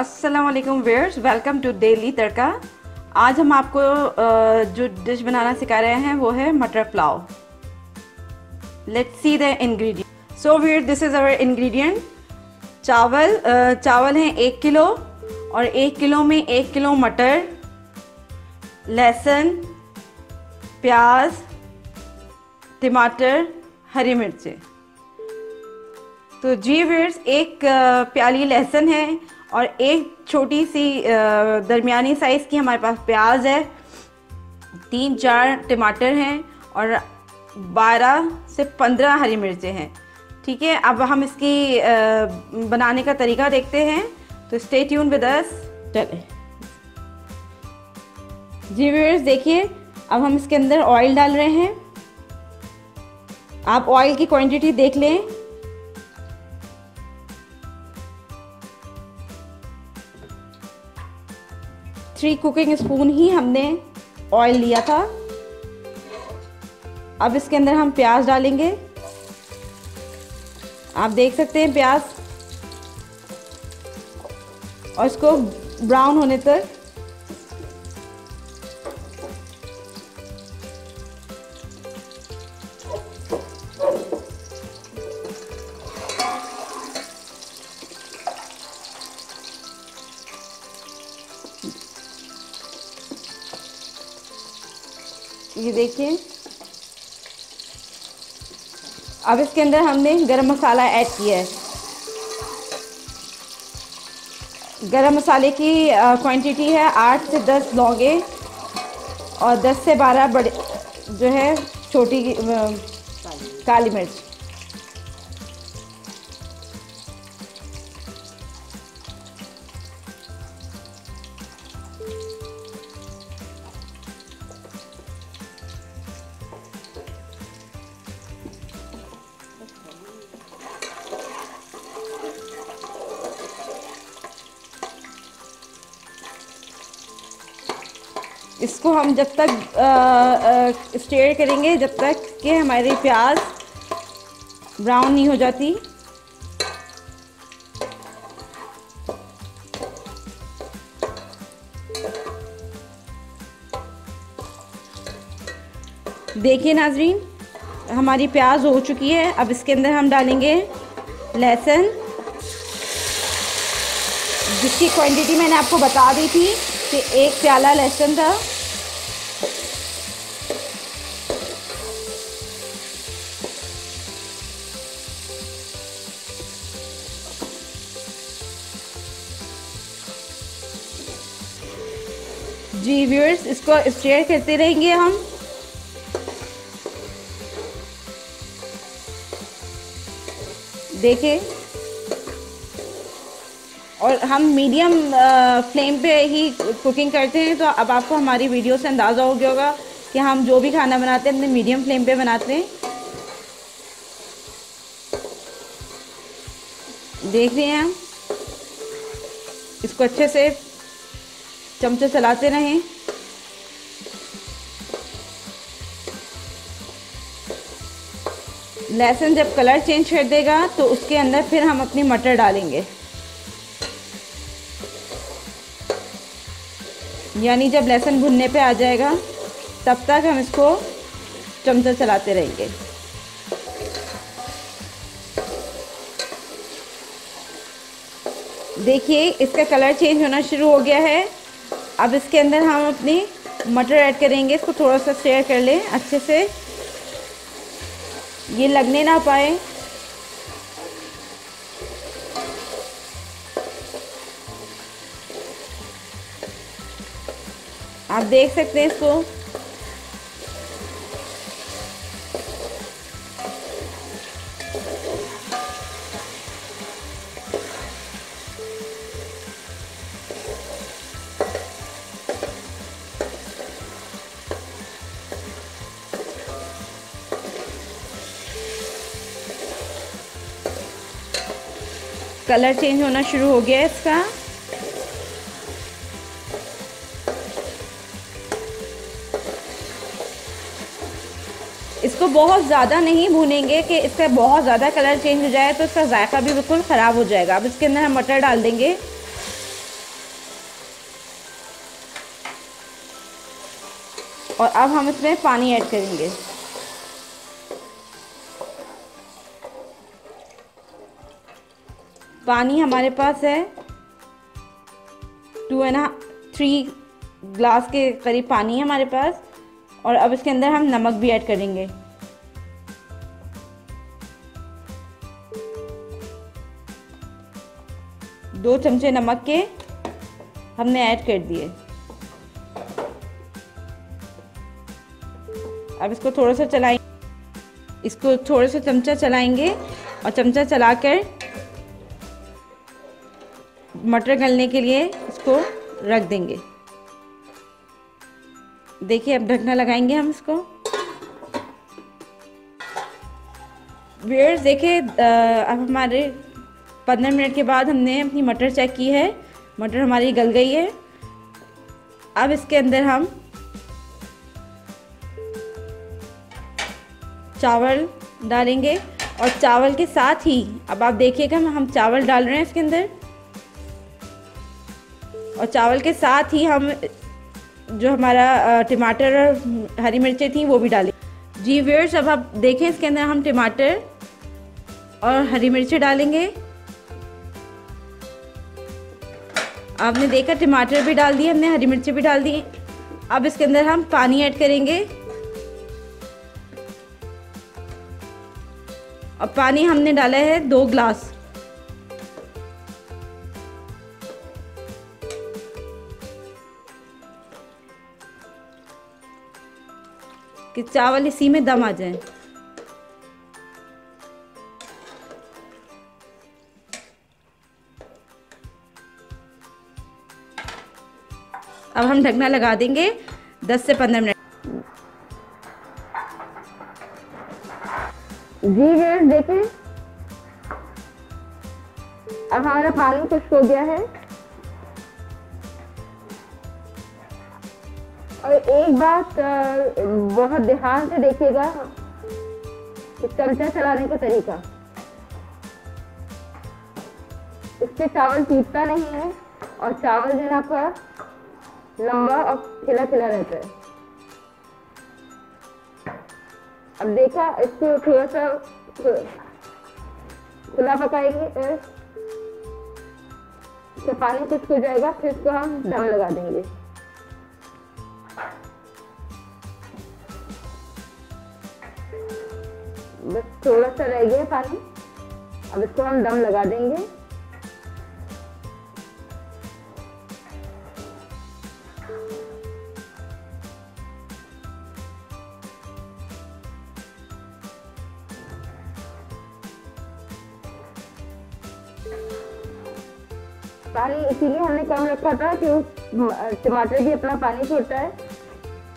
Aslam viewers welcome to daily tadka आज हम आपको जो डिश बनाना सिखा रहे हैं वो है मटर pulao let's see the ingredient so where this is our ingredient चावल चावल हैं एक किलो और एक किलो में एक किलो मटर लहसुन प्याज टमाटर हरी मिर्चें तो जी वेयर्स एक प्याली लहसुन है और एक छोटी सी दरमियानी साइज़ की हमारे पास प्याज है तीन चार टमाटर हैं और 12 से 15 हरी मिर्चें हैं ठीक है अब हम इसकी बनाने का तरीका देखते हैं तो स्टे ट्यून विद अस चले जी व्यूअर्स देखिए अब हम इसके अंदर ऑयल डाल रहे हैं आप ऑयल की क्वांटिटी देख लें थ्री कुकिंग स्पून ही हमने ऑयल लिया था अब इसके अंदर हम प्याज डालेंगे आप देख सकते हैं प्याज और इसको ब्राउन होने तक ये देखिए अब इसके अंदर हमने गरम मसाला ऐड किया है गरम मसाले की क्वांटिटी है आठ से दस लौंगे और दस से बारह बड़े जो है छोटी काली मिर्च इसको हम जब तक स्टेयर करेंगे जब तक कि हमारी प्याज ब्राउन नहीं हो जाती देखिए नाजरीन हमारी प्याज हो चुकी है अब इसके अंदर हम डालेंगे लहसुन जिसकी क्वांटिटी मैंने आपको बता दी थी से एक प्याला लहसुन था जी व्यूअर्स इसको स्टेयर करते रहेंगे हम देखें और हम मीडियम फ्लेम पे ही कुकिंग करते हैं तो अब आपको हमारी वीडियो से अंदाज़ा हो गया होगा कि हम जो भी खाना बनाते हैं अपने मीडियम फ्लेम पे बनाते हैं देख रहे हैं हम इसको अच्छे से चमचे चलाते रहें लहसुन जब कलर चेंज कर देगा तो उसके अंदर फिर हम अपनी मटर डालेंगे यानी जब लहसुन भुनने पे आ जाएगा तब तक हम इसको चमचा चलाते रहेंगे देखिए इसका कलर चेंज होना शुरू हो गया है अब इसके अंदर हम अपनी मटर ऐड करेंगे इसको थोड़ा सा शेयर कर लें अच्छे से ये लगने ना पाए आप देख सकते हैं इसको कलर चेंज होना शुरू हो गया इसका इसको बहुत ज़्यादा नहीं भूनेंगे कि इसका बहुत ज़्यादा कलर चेंज हो जाए तो इसका जायका भी बिल्कुल ख़राब हो जाएगा अब इसके अंदर हम मटर डाल देंगे और अब हम इसमें पानी ऐड करेंगे पानी हमारे पास है टू एंड थ्री ग्लास के करीब पानी है हमारे पास और अब इसके अंदर हम नमक भी ऐड करेंगे दो चमचे नमक के हमने ऐड कर दिए अब इसको थोड़ा सा चलाएं इसको थोड़ा सा चमचा चलाएंगे और चमचा चलाकर मटर गलने के लिए इसको रख देंगे देखिए अब ढकना लगाएंगे हम इसको बियर्स देखिए अब हमारे पंद्रह मिनट के बाद हमने अपनी मटर चेक की है मटर हमारी गल गई है अब इसके अंदर हम चावल डालेंगे और चावल के साथ ही अब आप देखिएगा हम चावल डाल रहे हैं इसके अंदर और चावल के साथ ही हम जो हमारा टमाटर और हरी मिर्चें थी वो भी डालें जी व्यर्स अब आप देखें इसके अंदर हम टमाटर और हरी मिर्चें डालेंगे आपने देखा टमाटर भी डाल दिए हमने हरी मिर्ची भी डाल दी अब इसके अंदर हम पानी ऐड करेंगे और पानी हमने डाला है दो ग्लास कि चावल इसी में दम आ जाए हम ढकना लगा देंगे 10 से 15 मिनट जी व्यवर्स हाँ, देखिए अब हमारा पानी खुश्क हो गया है और एक बात बहुत ध्यान से देखिएगा चमचा चलाने का तरीका इससे चावल टूटता नहीं है और चावल जो है आपका लंबा और खिला खिला रहता है अब देखा इसको थोड़ा सा खुला पकाएंगे तो पानी खुश्क हो जाएगा फिर इसको हम दम लगा देंगे बस थोड़ा सा रह गया पानी अब इसको हम दम लगा देंगे पानी इसीलिए हमने कम रखा था कि टमाटर भी अपना पानी छोड़ता है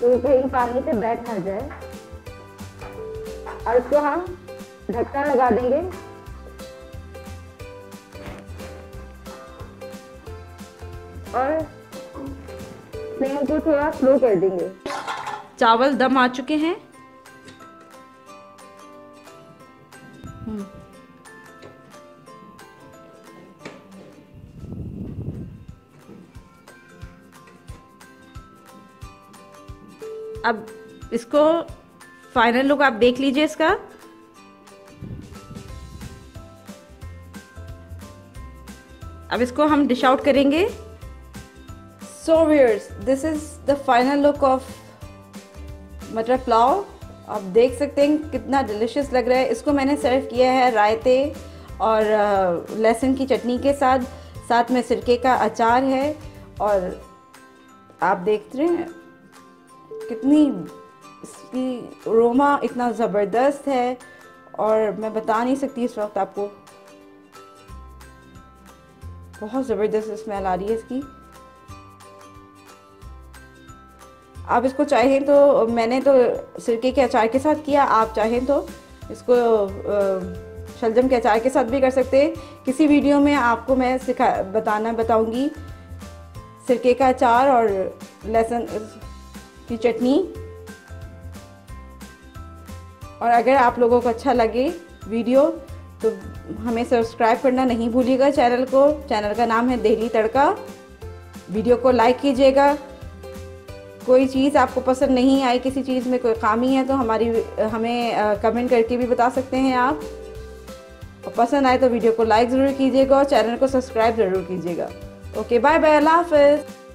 तो कहीं पानी से बैठ ना जाए और इसको हम ढक्कन लगा देंगे और फ्लेम को थोड़ा स्लो कर देंगे चावल दम आ चुके हैं अब इसको फाइनल लुक आप देख लीजिए इसका अब इसको हम डिश आउट करेंगे so viewers this is the final look of matar pulao आप देख सकते हैं कितना डिलिशियस लग रहा है इसको मैंने सर्व किया है रायते और लहसुन की चटनी के साथ साथ में सिरके का अचार है और आप देख रहे हैं कितनी इसकी रोमा इतना ज़बरदस्त है और मैं बता नहीं सकती इस वक्त आपको बहुत ज़बरदस्त स्मेल आ रही है इसकी आप इसको चाहें तो मैंने तो सिरके के अचार के साथ किया आप चाहें तो इसको शलजम के अचार के साथ भी कर सकते हैं किसी वीडियो में आपको मैं सिखा बताना बताऊंगी सिरके का अचार और लहसुन की चटनी और अगर आप लोगों को अच्छा लगे वीडियो तो हमें सब्सक्राइब करना नहीं भूलिएगा चैनल को चैनल का नाम है दहली तड़का वीडियो को लाइक कीजिएगा कोई चीज़ आपको पसंद नहीं आई किसी चीज़ में कोई खामी है तो हमारी हमें कमेंट करके भी बता सकते हैं आप और पसंद आए तो वीडियो को लाइक ज़रूर कीजिएगा और चैनल को सब्सक्राइब ज़रूर कीजिएगा ओके बाय बाय अल्लाह हाफिज़